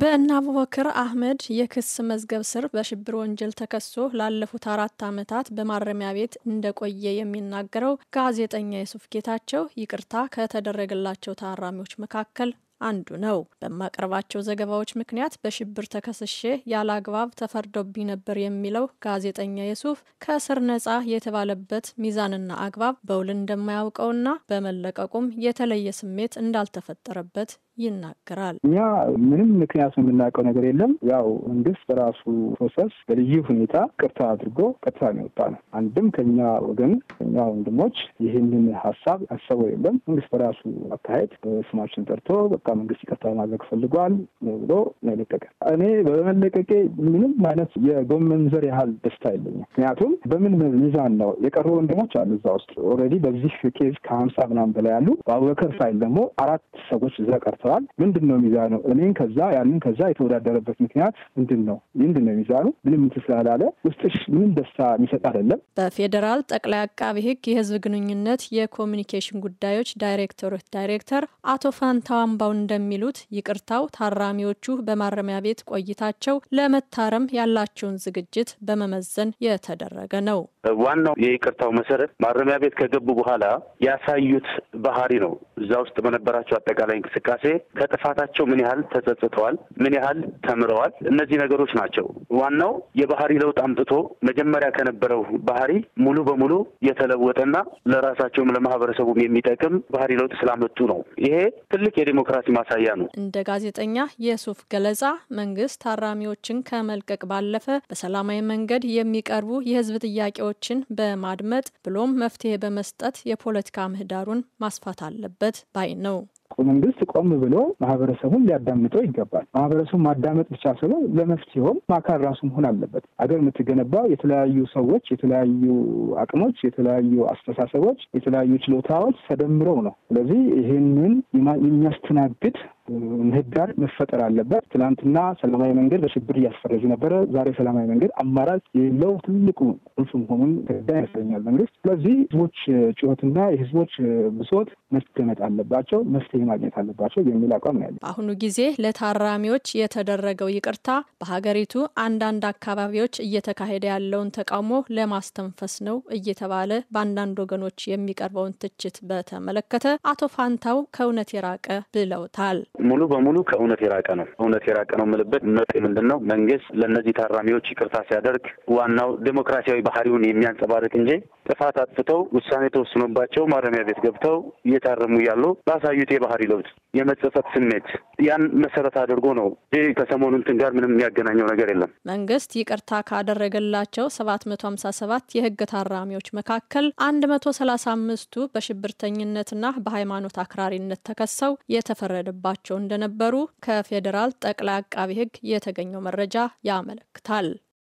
በእነ አቡበክር አህመድ የክስ መዝገብ ስር በሽብር ወንጀል ተከሶ ላለፉት አራት ዓመታት በማረሚያ ቤት እንደቆየ የሚናገረው ጋዜጠኛ የሱፍ ጌታቸው ይቅርታ ከተደረገላቸው ታራሚዎች መካከል አንዱ ነው። በማቀርባቸው ዘገባዎች ምክንያት በሽብር ተከስሼ ያለ አግባብ ተፈርዶብኝ ነበር የሚለው ጋዜጠኛ የሱፍ ከእስር ነጻ የተባለበት ሚዛንና አግባብ በውል እንደማያውቀውና በመለቀቁም የተለየ ስሜት እንዳልተፈጠረበት ይናገራል። እኛ ምንም ምክንያት የምናውቀው ነገር የለም። ያው መንግስት በራሱ ፕሮሰስ በልዩ ሁኔታ ቅርታ አድርጎ ቀጥታ የወጣ ነው። አንድም ከኛ ወገን ከኛ ወንድሞች ይህንን ሀሳብ ያሰበው የለም። መንግስት በራሱ አካሄድ ስማችን ጠርቶ በቃ መንግስት ይቅርታ ማድረግ ፈልጓል ብሎ መለቀቀ። እኔ በመለቀቄ ምንም አይነት የጎመን ዘር ያህል ደስታ የለኝም። ምክንያቱም በምን ሚዛን ነው የቀሩ ወንድሞች አሉ እዛ ውስጥ ኦልሬዲ በዚህ ኬዝ ከሀምሳ ምናምን በላይ ያሉ በአቡበከር ሳይል ደግሞ አራት ሰዎች እዛ ሰጥተዋል። ምንድን ነው ሚዛኑ? እኔን ከዛ ያንን ከዛ የተወዳደረበት ምክንያት ምንድን ነው? ምንድን ነው ሚዛኑ? ምንም እንትን ስላላለ ውስጥሽ ምንም ደስታ የሚሰጥ አይደለም። በፌዴራል ጠቅላይ አቃቤ ህግ የህዝብ ግንኙነት የኮሚኒኬሽን ጉዳዮች ዳይሬክቶሬት ዳይሬክተር አቶ ፋንታው አምባው እንደሚሉት ይቅርታው ታራሚዎቹ በማረሚያ ቤት ቆይታቸው ለመታረም ያላቸውን ዝግጅት በመመዘን የተደረገ ነው። ዋናው የይቅርታው መሰረት ማረሚያ ቤት ከገቡ በኋላ ያሳዩት ባህሪ ነው። እዛ ውስጥ በነበራቸው አጠቃላይ እንቅስቃሴ ከጥፋታቸው ምን ያህል ተጸጽተዋል፣ ምን ያህል ተምረዋል፣ እነዚህ ነገሮች ናቸው። ዋናው የባህሪ ለውጥ አምጥቶ መጀመሪያ ከነበረው ባህሪ ሙሉ በሙሉ የተለወጠና ለራሳቸውም ለማህበረሰቡም የሚጠቅም ባህሪ ለውጥ ስላመጡ ነው። ይሄ ትልቅ የዲሞክራሲ ማሳያ ነው። እንደ ጋዜጠኛ የሱፍ ገለጻ መንግስት ታራሚዎችን ከመልቀቅ ባለፈ በሰላማዊ መንገድ የሚቀርቡ የህዝብ ጥያቄዎች ጉዳዮችን በማድመጥ ብሎም መፍትሄ በመስጠት የፖለቲካ ምህዳሩን ማስፋት አለበት ባይ ነው። መንግስት ቆም ብሎ ማህበረሰቡን ሊያዳምጠው ይገባል። ማህበረሰቡ ማዳመጥ ብቻ ሳይሆን ለመፍትሄውም ማካል ራሱ መሆን አለበት። ሀገር የምትገነባው የተለያዩ ሰዎች፣ የተለያዩ አቅሞች፣ የተለያዩ አስተሳሰቦች፣ የተለያዩ ችሎታዎች ተደምረው ነው። ስለዚህ ይህንን የሚያስተናግድ ምህዳር መፈጠር አለበት። ትናንትና ሰላማዊ መንገድ በሽብር እያስፈረጁ ነበረ። ዛሬ ሰላማዊ መንገድ አማራጭ የለው ትልቁ ቁልፍ መሆኑን ጉዳይ ይመስለኛል መንግስት። ስለዚህ ህዝቦች ጩኸትና የህዝቦች ብሶት መደመጥ አለባቸው፣ መፍትሄ ማግኘት አለባቸው የሚል አቋም ነው ያለ። በአሁኑ ጊዜ ለታራሚዎች የተደረገው ይቅርታ በሀገሪቱ አንዳንድ አካባቢዎች እየተካሄደ ያለውን ተቃውሞ ለማስተንፈስ ነው እየተባለ በአንዳንድ ወገኖች የሚቀርበውን ትችት በተመለከተ አቶ ፋንታው ከእውነት የራቀ ብለውታል። ሙሉ በሙሉ ከእውነት የራቀ ነው። እውነት የራቀ ነው የምልበት መጥ ምንድን ነው? መንግስት ለእነዚህ ታራሚዎች ይቅርታ ሲያደርግ ዋናው ዴሞክራሲያዊ ባህሪውን የሚያንጸባርቅ እንጂ ጥፋት አጥፍተው ውሳኔ ተወስኖባቸው ማረሚያ ቤት ገብተው እየታረሙ እያሉ ባሳዩት የባህሪ ለውጥ የመጸጸት ስሜት ያን መሰረት አድርጎ ነው ይህ ከሰሞኑ እንትን ጋር ምንም የሚያገናኘው ነገር የለም። መንግስት ይቅርታ ካደረገላቸው ሰባት መቶ ሀምሳ ሰባት የህግ ታራሚዎች መካከል አንድ መቶ ሰላሳ አምስቱ በሽብርተኝነትና በሃይማኖት አክራሪነት ተከሰው የተፈረደባቸው እንደነበሩ ከፌዴራል ጠቅላይ አቃቢ ህግ የተገኘው መረጃ ያመለክታል።